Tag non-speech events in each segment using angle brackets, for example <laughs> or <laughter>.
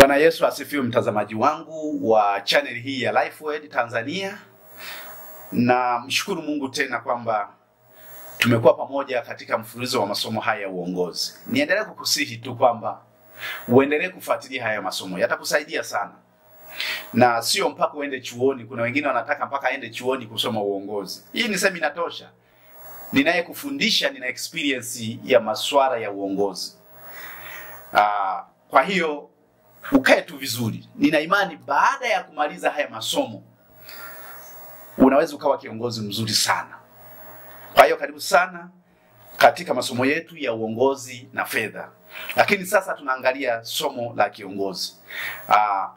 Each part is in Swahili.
Bwana Yesu asifiwe, mtazamaji wangu wa channel hii ya Lifeword Tanzania, na mshukuru Mungu tena kwamba tumekuwa pamoja katika mfululizo wa masomo haya ya uongozi. Niendelee kukusihi tu kwamba uendelee kufuatilia haya masomo, yatakusaidia sana, na sio mpaka uende chuoni. Kuna wengine wanataka mpaka aende chuoni kusoma uongozi. Hii ni semina inatosha. Ninayekufundisha nina experience ya masuala ya uongozi. Aa, ah, kwa hiyo ukae tu vizuri. Nina imani baada ya kumaliza haya masomo unaweza ukawa kiongozi mzuri sana. Kwa hiyo karibu sana katika masomo yetu ya uongozi na fedha, lakini sasa tunaangalia somo la kiongozi. Aa, ah,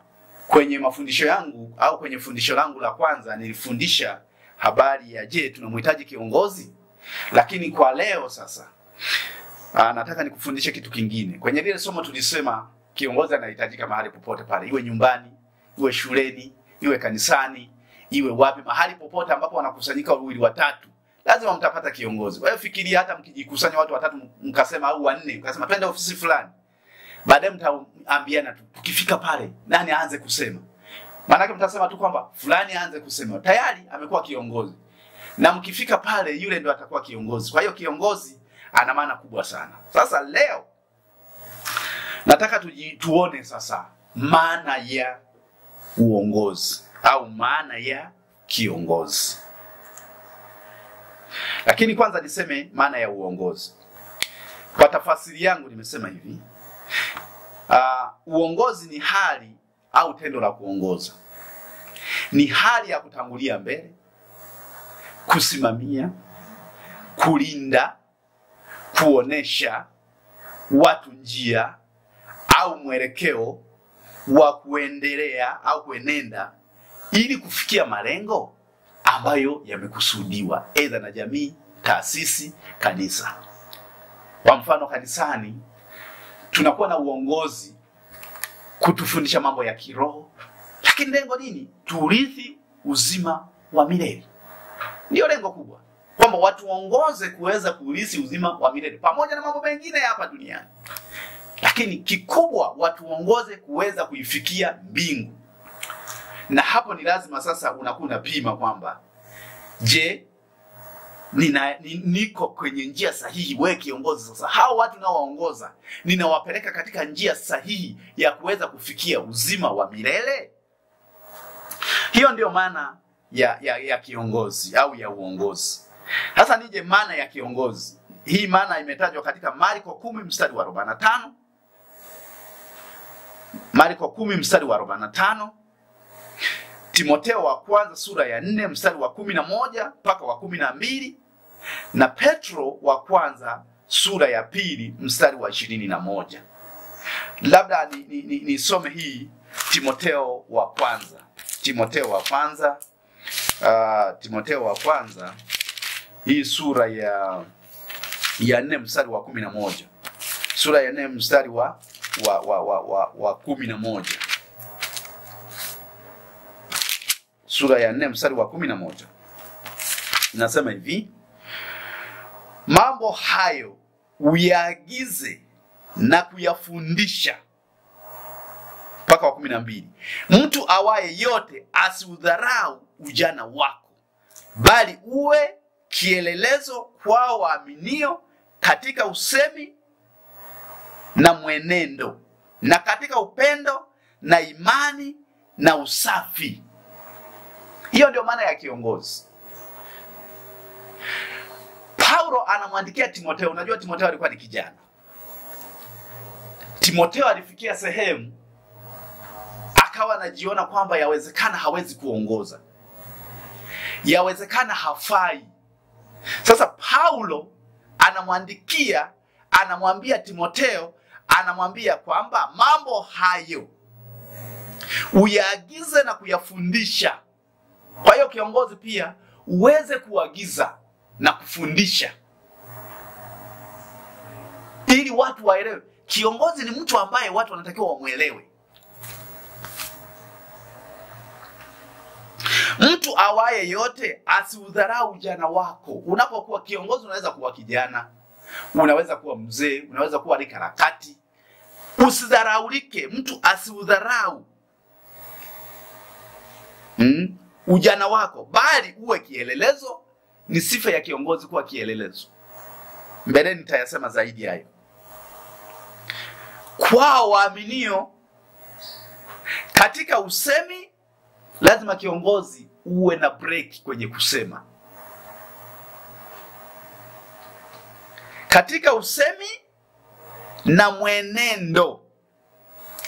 kwenye mafundisho yangu au kwenye fundisho langu la kwanza nilifundisha habari ya je, tunamhitaji kiongozi? Lakini kwa leo sasa aa, ah, nataka nikufundishe kitu kingine. Kwenye lile somo tulisema kiongozi anahitajika mahali popote pale, iwe nyumbani, iwe shuleni, iwe kanisani, iwe wapi, mahali popote ambapo wanakusanyika wawili watatu, lazima mtapata kiongozi. Wewe fikiria, hata mkijikusanya watu watatu, mkasema au wanne, mkasema twende ofisi fulani, baadaye mtaambiana tu, tukifika pale, nani aanze kusema? Maanake mtasema tu kwamba fulani aanze kusema, tayari amekuwa kiongozi, na mkifika pale, yule ndio atakuwa kiongozi. Kwa hiyo kiongozi ana maana kubwa sana. Sasa leo nataka tuone sasa maana ya uongozi au maana ya kiongozi. Lakini kwanza niseme maana ya uongozi. Kwa tafasiri yangu nimesema hivi, uh, uongozi ni hali au tendo la kuongoza, ni hali ya kutangulia mbele, kusimamia, kulinda, kuonesha watu njia au mwelekeo wa kuendelea au kuenenda ili kufikia malengo ambayo yamekusudiwa aidha na jamii, taasisi, kanisa. Kwa mfano, kanisani tunakuwa na uongozi kutufundisha mambo ya kiroho, lakini lengo nini? Tuurithi uzima wa milele, ndiyo lengo kubwa, kwamba watuongoze kuweza kuurithi uzima wa milele pamoja na mambo mengine hapa duniani lakini kikubwa watu waongoze kuweza kuifikia mbingu. Na hapo ni lazima sasa unakuwa unapima kwamba je, nina, niko kwenye njia sahihi? Wewe kiongozi sasa, hao watu naowaongoza ninawapeleka katika njia sahihi ya kuweza kufikia uzima wa milele? Hiyo ndiyo maana ya, ya, ya kiongozi au ya uongozi. Sasa nije maana ya kiongozi. Hii maana imetajwa katika Marko kumi mstari wa arobaini na tano Marko kumi mstari wa arobaini na tano Timoteo wa kwanza sura ya nne mstari wa kumi na moja mpaka wa kumi na mbili na Petro wa kwanza sura ya pili mstari wa ishirini na moja. Labda nisome ni, ni, ni hii Timoteo wa kwanza Timoteo wa kwanza uh, ah, Timoteo wa kwanza hii sura ya ya nne mstari wa kumi na moja sura ya nne mstari wa wa, wa, wa, wa, wa kumi na moja sura ya nne mstari wa kumi na moja inasema hivi: mambo hayo uyaagize na kuyafundisha. Mpaka wa kumi na mbili mtu awaye yote asiudharau ujana wako, bali uwe kielelezo kwao waaminio katika usemi na mwenendo, na katika upendo na imani na usafi. Hiyo ndio maana ya kiongozi. Paulo anamwandikia Timotheo. Unajua Timotheo alikuwa ni kijana. Timotheo alifikia sehemu akawa anajiona kwamba yawezekana hawezi kuongoza, yawezekana hafai. Sasa Paulo anamwandikia, anamwambia Timotheo anamwambia kwamba mambo hayo uyaagize na kuyafundisha. Kwa hiyo kiongozi pia uweze kuagiza na kufundisha ili watu waelewe. Kiongozi ni mtu ambaye watu wanatakiwa wamwelewe. Mtu awaye yote asiudharau ujana wako. Unapokuwa kiongozi, unaweza kuwa kijana unaweza kuwa mzee, unaweza kuwa rika la kati. Usidharaulike, mtu asiudharau mm, ujana wako, bali uwe kielelezo. Ni sifa ya kiongozi kuwa kielelezo. Mbeleni nitayasema zaidi hayo. Kwao waaminio katika usemi, lazima kiongozi uwe na break kwenye kusema. katika usemi na mwenendo.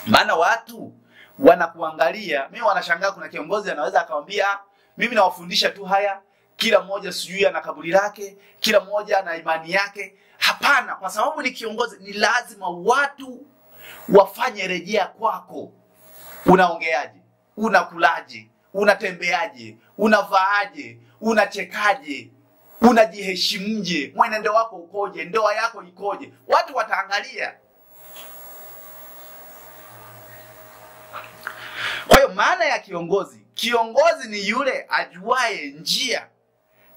Maana watu wanakuangalia, mimi wanashangaa. Kuna kiongozi anaweza akamwambia mimi nawafundisha tu haya, kila mmoja sijui ana kaburi lake, kila mmoja ana imani yake. Hapana, kwa sababu ni kiongozi, ni lazima watu wafanye rejea kwako. Unaongeaje? Unakulaje? Unatembeaje? Unavaaje? Unachekaje? unajiheshimuje, mwenendo wako ukoje, ndoa yako ikoje, watu wataangalia. Kwa hiyo maana ya kiongozi, kiongozi ni yule ajuaye njia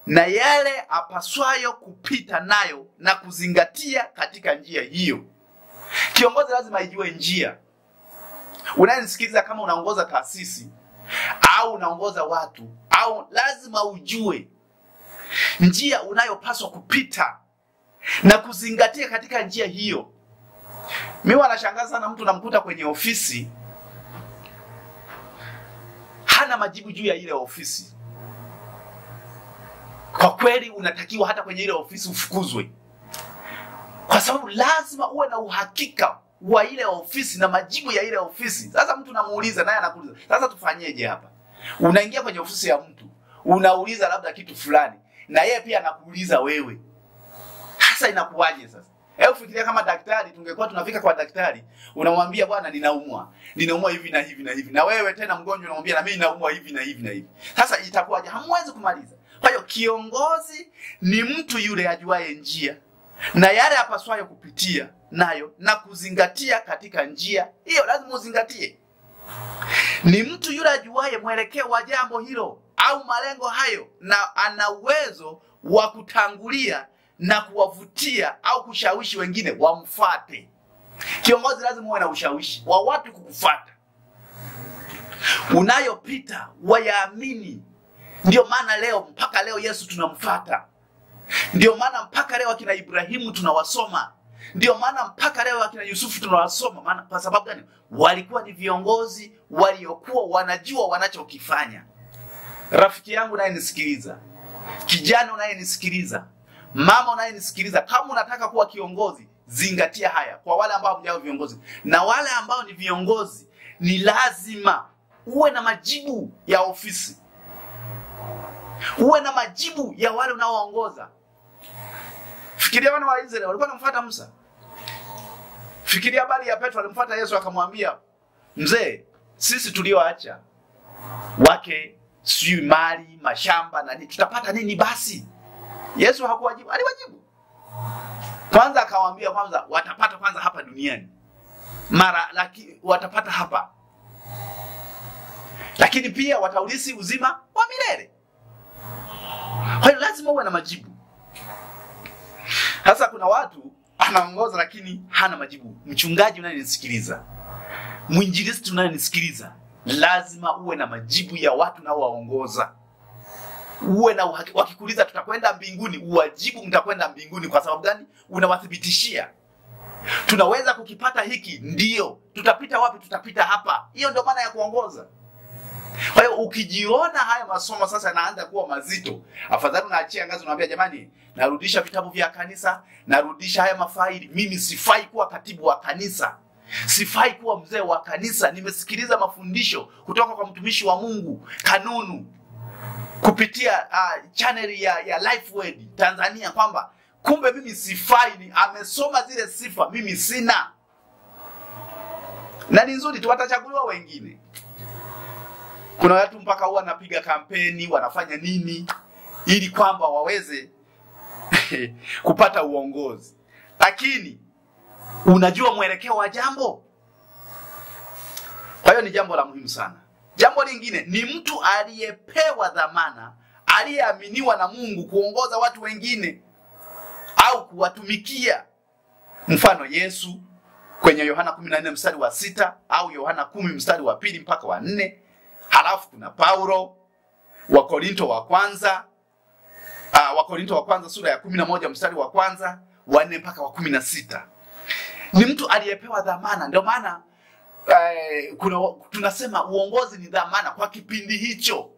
na yale apaswayo kupita nayo na kuzingatia katika njia hiyo. Kiongozi lazima ijue njia. Unayenisikiliza, kama unaongoza taasisi au unaongoza watu au lazima ujue njia unayopaswa kupita na kuzingatia katika njia hiyo. Mi wanashangaza sana, mtu namkuta kwenye ofisi hana majibu juu ya ile ofisi. Kwa kweli, unatakiwa hata kwenye ile ofisi ufukuzwe, kwa sababu lazima uwe na uhakika wa ile ofisi na majibu ya ile ofisi. Sasa mtu namuuliza, naye anakuuliza, sasa tufanyeje hapa? Unaingia kwenye ofisi ya mtu unauliza labda kitu fulani na yeye pia anakuuliza wewe, hasa inakuwaje sasa? Hebu fikiria kama daktari, tungekuwa tunafika kwa daktari, unamwambia bwana, ninaumwa ninaumwa hivi na hivi na hivi, na wewe tena mgonjwa unamwambia na mimi naumwa hivi na hivi na hivi, sasa itakuwaje? Hamwezi kumaliza. Kwa hiyo kiongozi ni mtu yule ajuaye njia na yale apaswayo kupitia nayo na kuzingatia katika njia hiyo, lazima uzingatie. Ni mtu yule ajuaye mwelekeo wa jambo hilo au malengo hayo, na ana uwezo wa kutangulia na kuwavutia au kushawishi wengine wamfuate. Kiongozi lazima uwe na ushawishi wa watu kukufuata, unayopita wayaamini. ndio maana leo mpaka leo Yesu tunamfuata, ndio maana mpaka leo akina Ibrahimu tunawasoma ndio maana mpaka leo akina Yusufu tunawasoma. Maana kwa sababu gani? Walikuwa ni viongozi waliokuwa wanajua wanachokifanya rafiki yangu unayenisikiliza, kijana unayenisikiliza, mama unayenisikiliza, kama unataka kuwa kiongozi, zingatia haya. Kwa wale ambao hamjao viongozi na wale ambao ni viongozi, ni lazima uwe na majibu ya ofisi, uwe na majibu ya wale unaoongoza. Fikiria wana wa Israeli walikuwa wanamfuata Musa. Fikiria habari ya Petro, alimfuata Yesu akamwambia, mzee, sisi tulioacha wake sijui mali, mashamba na nini, tutapata nini basi? Yesu hakuwajibu, aliwajibu kwanza, akawaambia kwanza watapata kwanza hapa duniani mara laki, watapata hapa lakini pia wataulisi uzima wa milele. Kwa hiyo lazima uwe na majibu. Sasa kuna watu anaongoza lakini hana majibu. Mchungaji unayenisikiliza, mwinjilisti unayenisikiliza lazima uwe na majibu ya watu na waongoza uwe na uhakika. Wakikuuliza tutakwenda mbinguni, uwajibu mtakwenda mbinguni. Kwa sababu gani? Unawathibitishia tunaweza kukipata hiki, ndio tutapita wapi? Tutapita hapa. Hiyo ndio maana ya kuongoza. Kwa hiyo ukijiona haya masomo sasa yanaanza kuwa mazito, afadhali unaachia ngazi, unawaambia jamani, narudisha vitabu vya kanisa, narudisha haya mafaili, mimi sifai kuwa katibu wa kanisa. Sifai kuwa mzee wa kanisa. Nimesikiliza mafundisho kutoka kwa mtumishi wa Mungu Kanunu kupitia uh, ah, chaneli ya, ya Lifewed Tanzania kwamba kumbe mimi sifai. Ni amesoma zile sifa, mimi sina, na ni nzuri tu, watachaguliwa wengine. Kuna watu mpaka huwa wanapiga kampeni, wanafanya nini ili kwamba waweze <laughs> kupata uongozi, lakini unajua mwelekeo wa jambo. Kwa hiyo ni jambo la muhimu sana. Jambo lingine ni mtu aliyepewa dhamana, aliyeaminiwa na Mungu kuongoza watu wengine au kuwatumikia. Mfano Yesu kwenye Yohana 14 mstari wa sita au Yohana 10 mstari wa pili mpaka wa nne. Halafu kuna Paulo wa Korinto wa kwanza uh, wa Korinto wa kwanza sura ya 11 mstari wa kwanza wa nne mpaka wa kumi na sita ni mtu aliyepewa dhamana. Ndio maana eh, kuna tunasema uongozi ni dhamana kwa kipindi hicho.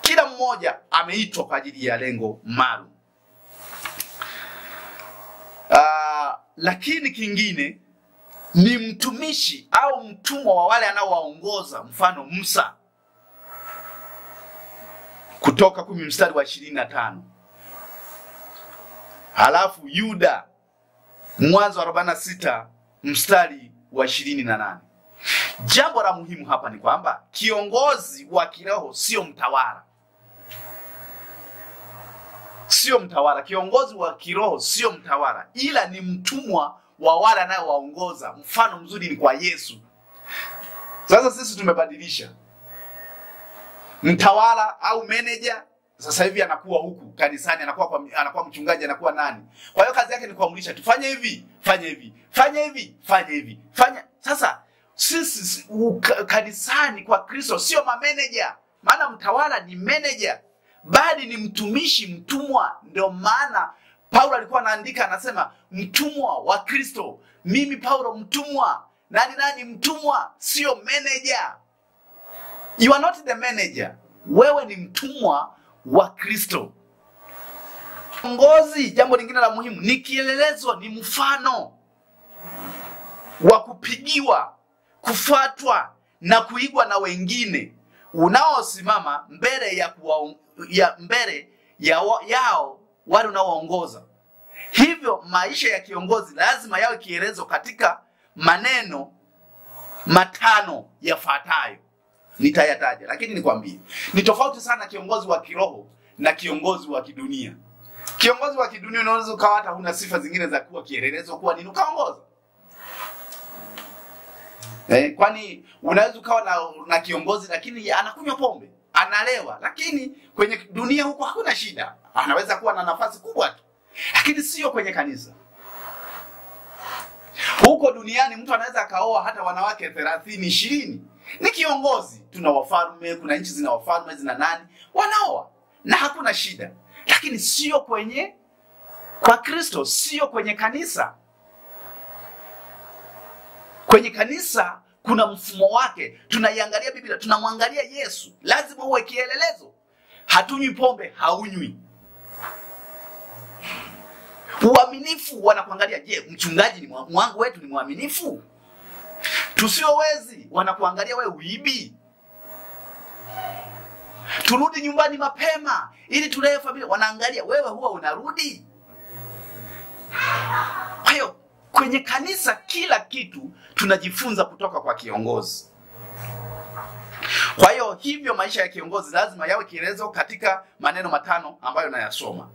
Kila mmoja ameitwa kwa ajili ya lengo maalum. Uh, lakini kingine ni mtumishi au mtumwa wa wale anaowaongoza, mfano Musa Kutoka kumi mstari wa ishirini na tano. Halafu Yuda Mwanzo 46 mstari wa 28. Jambo la muhimu hapa ni kwamba kiongozi wa kiroho sio mtawala, sio mtawala. Kiongozi wa kiroho sio mtawala, ila ni mtumwa wa wale anayewaongoza Mfano mzuri ni kwa Yesu. Sasa sisi tumebadilisha mtawala au manager sasa hivi anakuwa huku kanisani, anakuwa kwa, anakuwa mchungaji, anakuwa nani. Kwa hiyo kazi yake ni kuamrisha tu, fanya hivi, fanya hivi, fanya hivi, fanya hivi, fanya. Sasa sisi kanisani kwa Kristo sio mameneja, maana mtawala ni meneja, bali ni mtumishi, mtumwa. Ndio maana Paulo alikuwa anaandika, anasema mtumwa wa Kristo. Mimi Paulo mtumwa. Nani nani? Mtumwa, sio meneja. You are not the manager, wewe ni mtumwa wa Kristo. Kiongozi, jambo lingine la muhimu, ni kielelezo, ni mfano wa kupigiwa, kufuatwa na kuigwa na wengine unaosimama mbele ya kuwa, ya mbele ya wa, yao wale unaoongoza Hivyo maisha ya kiongozi lazima yawe kielezo katika maneno matano yafuatayo nitayataja, lakini nikwambie, ni tofauti sana kiongozi wa kiroho na kiongozi wa kidunia. Kiongozi wa kidunia unaweza ukawa hata huna sifa zingine za kuwa kielelezo, kuwa nini, ukaongoza eh, kwani unaweza ukawa na, na kiongozi lakini anakunywa pombe analewa, lakini kwenye dunia huko hakuna shida, anaweza kuwa na nafasi kubwa tu, lakini sio kwenye kanisa. Huko duniani mtu anaweza akaoa hata wanawake thelathini, ishirini ni kiongozi. Tuna wafalme, kuna nchi zina wafalme zina nani, wanaoa na hakuna shida, lakini sio kwenye kwa Kristo, sio kwenye kanisa. Kwenye kanisa kuna mfumo wake, tunaiangalia Biblia, tunamwangalia Yesu, lazima uwe kielelezo. Hatunywi pombe, haunywi uaminifu wanakuangalia. Je, mchungaji ni mwangu wetu ni mwaminifu? tusiowezi wanakuangalia wewe uibi. Turudi nyumbani mapema ili tulee familia, wanaangalia wewe huwa unarudi. Kwa hiyo kwenye kanisa kila kitu tunajifunza kutoka kwa kiongozi. Kwa hiyo hivyo maisha ya kiongozi lazima yawe kielelezo katika maneno matano ambayo nayasoma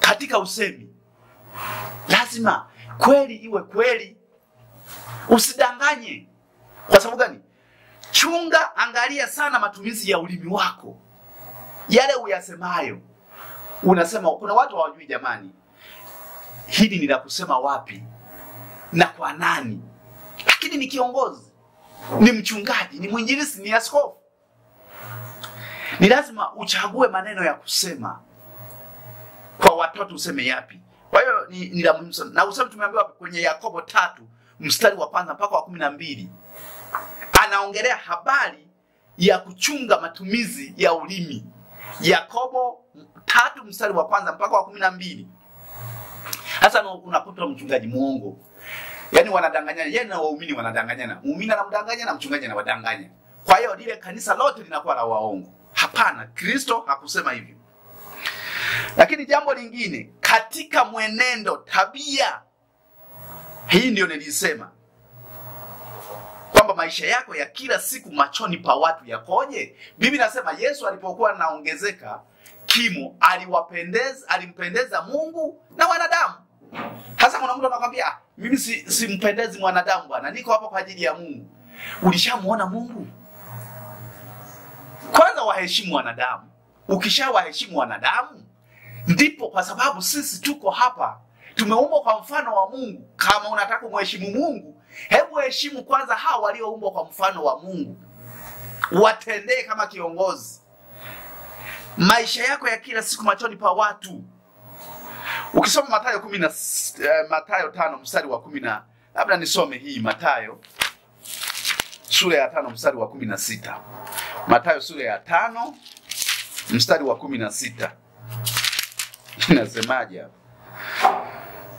katika usemi. Lazima kweli iwe kweli Usidanganye. Kwa sababu gani? Chunga, angalia sana matumizi ya ulimi wako, yale uyasemayo. Unasema, kuna watu hawajui jamani, hili ni la kusema wapi na kwa nani, lakini ni kiongozi, ni mchungaji, ni mwinjilisi, ni askofu, ni lazima uchague maneno ya kusema. Kwa watoto useme yapi? Kwa hiyo ni, ni la muhimu sana, na useme tumeambiwa kwenye Yakobo tatu mstari wa kwanza mpaka wa kumi na mbili anaongelea habari ya kuchunga matumizi ya ulimi. Yakobo tatu mstari wa kwanza mpaka wa kumi na mbili Hasa unakuta mchungaji mwongo, yaani wanadanganyana, yeye yaani na waumini wanadanganyana, muumini anamdanganya na mchungaji anawadanganya, kwa hiyo lile kanisa lote linakuwa la waongo. Hapana, Kristo hakusema hivyo. Lakini jambo lingine katika mwenendo, tabia hii ndio nilisema kwamba maisha yako ya kila siku machoni pa watu yakoje. Bibi nasema Yesu alipokuwa anaongezeka kimo, aliwapendeza alimpendeza Mungu na wanadamu. Hasa kuna mtu anakwambia ah, mimi simpendezi si mwanadamu bwana, niko hapa kwa ajili ya Mungu. Ulishamuona Mungu? Kwanza waheshimu wanadamu. Ukishawaheshimu wanadamu, ndipo kwa sababu sisi tuko hapa Tumeumbwa kwa mfano wa Mungu. Kama unataka kumheshimu Mungu, hebu heshimu kwanza hao walioumbwa kwa mfano wa Mungu, watendee kama kiongozi. Maisha yako ya kila siku machoni pa watu. Ukisoma Mathayo kumi na eh, Mathayo tano mstari wa kumi na labda nisome hii Mathayo sura ya tano mstari wa kumi na sita Mathayo sura ya tano mstari wa kumi na sita <laughs> inasemaje hapa?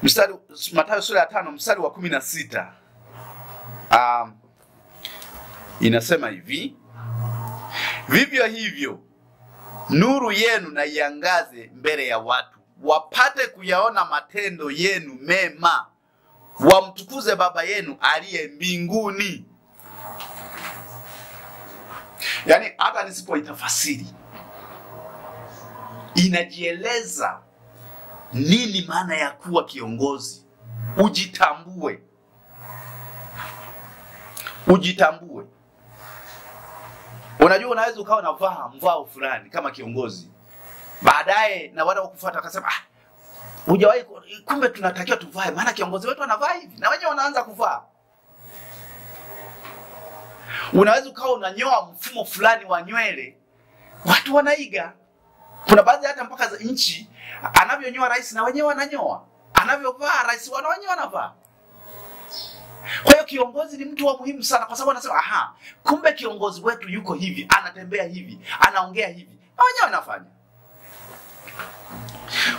mstari Mathayo sura ya tano mstari wa kumi na sita um, inasema hivi: vivyo hivyo nuru yenu na iangaze mbele ya watu, wapate kuyaona matendo yenu mema, wamtukuze Baba yenu aliye mbinguni. Yaani hata nisipoitafasiri inajieleza nini maana ya kuwa kiongozi? Ujitambue, ujitambue. Unajua, unaweza ukawa navaa mvao fulani kama kiongozi, baadaye na wale wakufuata wakasema ah, hujawahi kumbe tunatakiwa tuvae, maana kiongozi wetu anavaa hivi, na wenyewe wanaanza kuvaa. Unaweza ukawa unanyoa mfumo fulani wa nywele, watu wanaiga. Kuna baadhi hata mpaka za nchi anavyonyoa rais na wenyewe wananyoa, anavyovaa rais wana wenyewe wanavaa. Kwa hiyo kiongozi ni mtu wa muhimu sana, kwa sababu anasema aha, kumbe kiongozi wetu yuko hivi, anatembea hivi, anaongea hivi, na wenyewe wanafanya.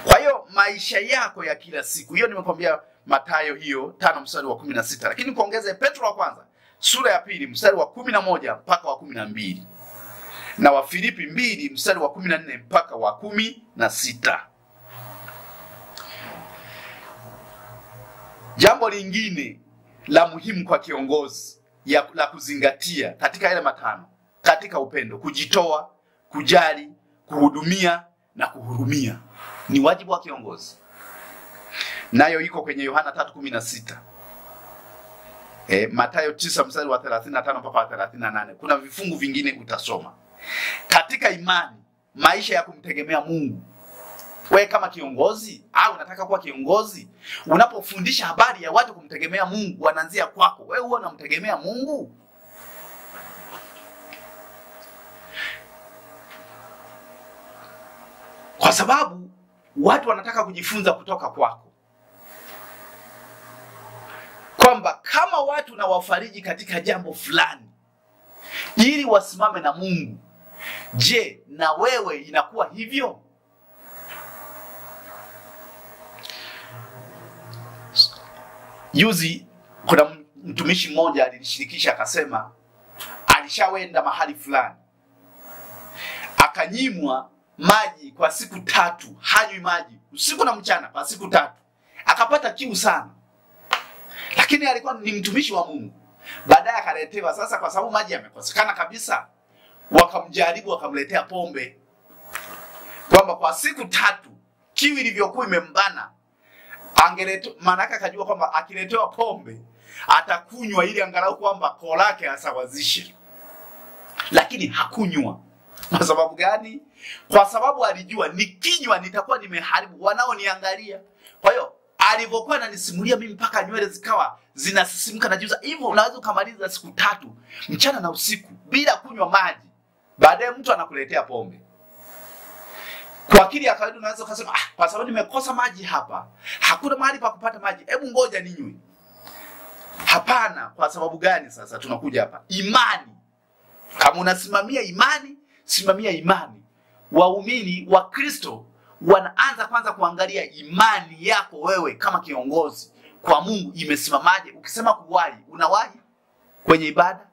Kwa hiyo maisha yako ya kila siku, hiyo nimekwambia Mathayo hiyo tano mstari wa kumi na sita lakini kuongeze Petro wa kwanza sura ya pili mstari wa kumi na moja mpaka wa kumi na mbili na Wafilipi mbili mstari wa kumi na nne mpaka wa kumi na sita. Jambo lingine la muhimu kwa kiongozi ya, la kuzingatia katika yale matano, katika upendo, kujitoa, kujali, kuhudumia na kuhurumia ni wajibu wa kiongozi, nayo iko kwenye Yohana 3:16 Eh, Mathayo 9 mstari wa 35 mpaka 38. Kuna vifungu vingine utasoma. Katika imani, maisha ya kumtegemea Mungu, we kama kiongozi au unataka kuwa kiongozi, unapofundisha habari ya watu kumtegemea Mungu, wanaanzia kwako. Wewe huwa unamtegemea Mungu? Kwa sababu watu wanataka kujifunza kutoka kwako, kwamba kama watu na wafariji katika jambo fulani, ili wasimame na Mungu Je, na wewe inakuwa hivyo? Juzi kuna mtumishi mmoja alinishirikisha akasema alishawenda mahali fulani akanyimwa maji kwa siku tatu, hanywi maji usiku na mchana kwa siku tatu, akapata kiu sana, lakini alikuwa ni mtumishi wa Mungu. Baadaye akaletewa sasa, kwa sababu maji yamekosekana kabisa wakamjaribu wakamletea pombe, kwamba kwa siku tatu kiu ilivyokuwa imembana angeleto, maanake akajua kwamba akiletewa pombe atakunywa ili angalau kwamba koo lake asawazishe, lakini hakunywa. Kwa sababu gani? Kwa sababu alijua nikinywa nitakuwa nimeharibu wanaoniangalia. Kwa hiyo alivyokuwa ananisimulia mimi mpaka nywele zikawa zinasisimka, najiuza hivyo, unaweza ukamaliza siku tatu mchana na usiku bila kunywa maji Baadaye mtu anakuletea pombe. Kwa akili ya kawaida unaweza ukasema ah, kwa sababu nimekosa maji hapa, hakuna mahali pa kupata maji, hebu ngoja ninywe. Hapana. Kwa sababu gani? Sasa tunakuja hapa, imani. Kama unasimamia imani, simamia imani. Waumini wa Kristo wanaanza kwanza kuangalia imani yako wewe kama kiongozi kwa Mungu imesimamaje. Ukisema kuwahi, unawahi kwenye ibada?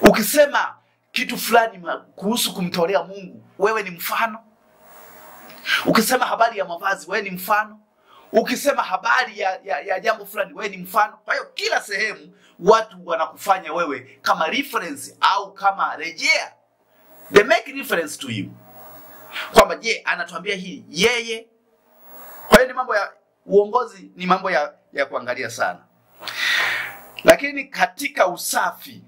Ukisema kitu fulani kuhusu kumtolea Mungu, wewe ni mfano. Ukisema habari ya mavazi, wewe ni mfano. Ukisema habari ya, ya, ya jambo fulani, wewe ni mfano. Kwa hiyo kila sehemu watu wanakufanya wewe kama reference au kama rejea, they make reference to you kwamba je, anatuambia hii yeye. Kwa hiyo ni mambo ya uongozi, ni mambo ya, ya kuangalia sana, lakini katika usafi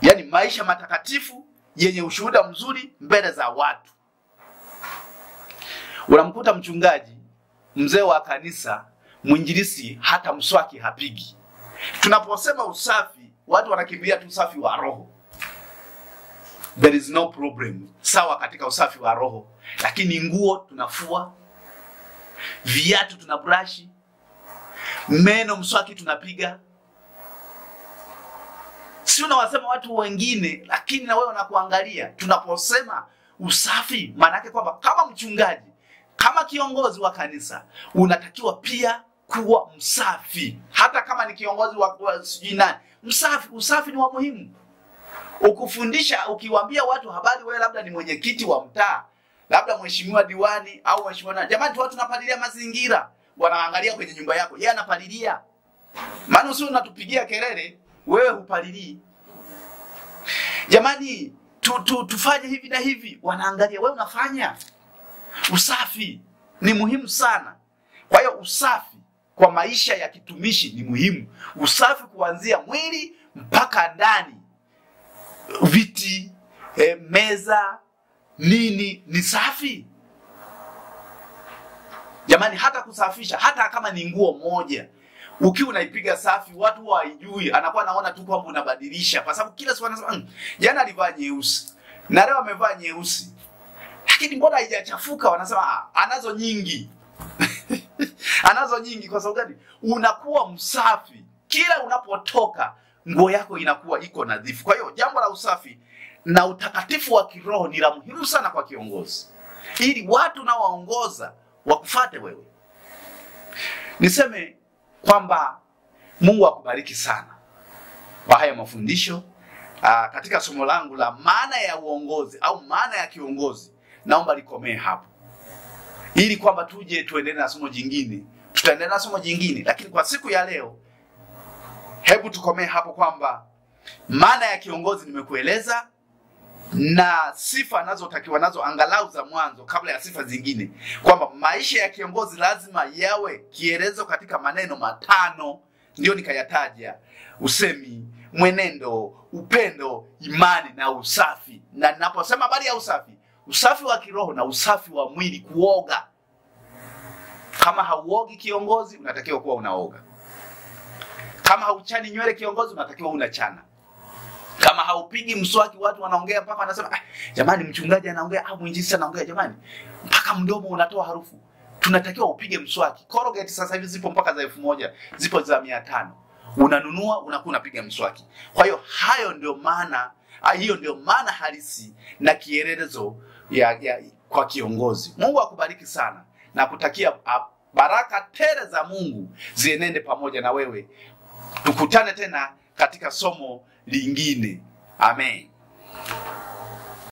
yaani maisha matakatifu yenye ushuhuda mzuri mbele za watu. Unamkuta mchungaji, mzee wa kanisa, mwinjilisi, hata mswaki hapigi. Tunaposema usafi, watu wanakimbilia tu usafi wa roho. There is no problem, sawa katika usafi wa roho, lakini nguo tunafua, viatu tuna brashi, meno mswaki tunapiga si unawasema watu wengine, lakini na wewe wanakuangalia. Tunaposema usafi, maana yake kwamba kama mchungaji, kama kiongozi wa kanisa, unatakiwa pia kuwa msafi, hata kama ni kiongozi wa sijui nani. Msafi, usafi ni wa muhimu. Ukufundisha, ukiwaambia watu habari, wewe labda ni mwenyekiti wa mtaa, labda mheshimiwa diwani au mheshimiwa, jamani, watu tunapalilia mazingira, wanaangalia kwenye nyumba yako, yeye anapalilia. Maana usio unatupigia kelele wewe hupalilii. Jamani tu, tu, tufanye hivi na hivi, wanaangalia wewe unafanya. Usafi ni muhimu sana. Kwa hiyo usafi kwa maisha ya kitumishi ni muhimu, usafi kuanzia mwili mpaka ndani, viti e, meza nini ni safi jamani, hata kusafisha hata kama ni nguo moja ukiwa unaipiga safi watu waijui anakuwa anaona tu kwamba unabadilisha, kwa sababu kila siku anasema mm, jana alivaa nyeusi na leo amevaa nyeusi, lakini mbona haijachafuka? Wanasema ah, anazo nyingi <laughs> anazo nyingi. Kwa sababu gani? Unakuwa msafi kila unapotoka, nguo yako inakuwa iko nadhifu. Kwa hiyo jambo la usafi na utakatifu wa kiroho ni la muhimu sana kwa kiongozi, ili watu waongoza wakufate wewe. Niseme kwamba Mungu akubariki sana kwa haya mafundisho. Aa, ah, katika somo langu la maana ya uongozi au maana ya kiongozi, naomba likomee hapo ili kwamba tuje tuendelee na somo jingine. Tutaendelea na somo jingine, lakini kwa siku ya leo, hebu tukomee hapo kwamba maana ya kiongozi nimekueleza na sifa anazotakiwa nazo angalau za mwanzo kabla ya sifa zingine, kwamba maisha ya kiongozi lazima yawe kielezo katika maneno matano, ndio nikayataja: usemi, mwenendo, upendo, imani na usafi. Na ninaposema habari ya usafi, usafi wa kiroho na usafi wa mwili, kuoga. Kama hauogi kiongozi, unatakiwa kuwa unaoga. Kama hauchani nywele kiongozi, unatakiwa unachana kama haupigi mswaki, watu wanaongea mpaka wanasema ah, jamani, mchungaji anaongea au ah, mwinjisi anaongea, jamani, mpaka mdomo unatoa harufu. Tunatakiwa upige mswaki. Colgate sasa hivi zipo mpaka za elfu moja zipo za mia tano unanunua unakuwa unapiga mswaki. Kwa hiyo hayo ndio maana ah, hiyo ndio maana halisi na kielelezo ya, ya, kwa kiongozi. Mungu akubariki sana na kutakia a, ah, baraka tele za Mungu zienende pamoja na wewe. Tukutane tena katika somo lingine. Amen.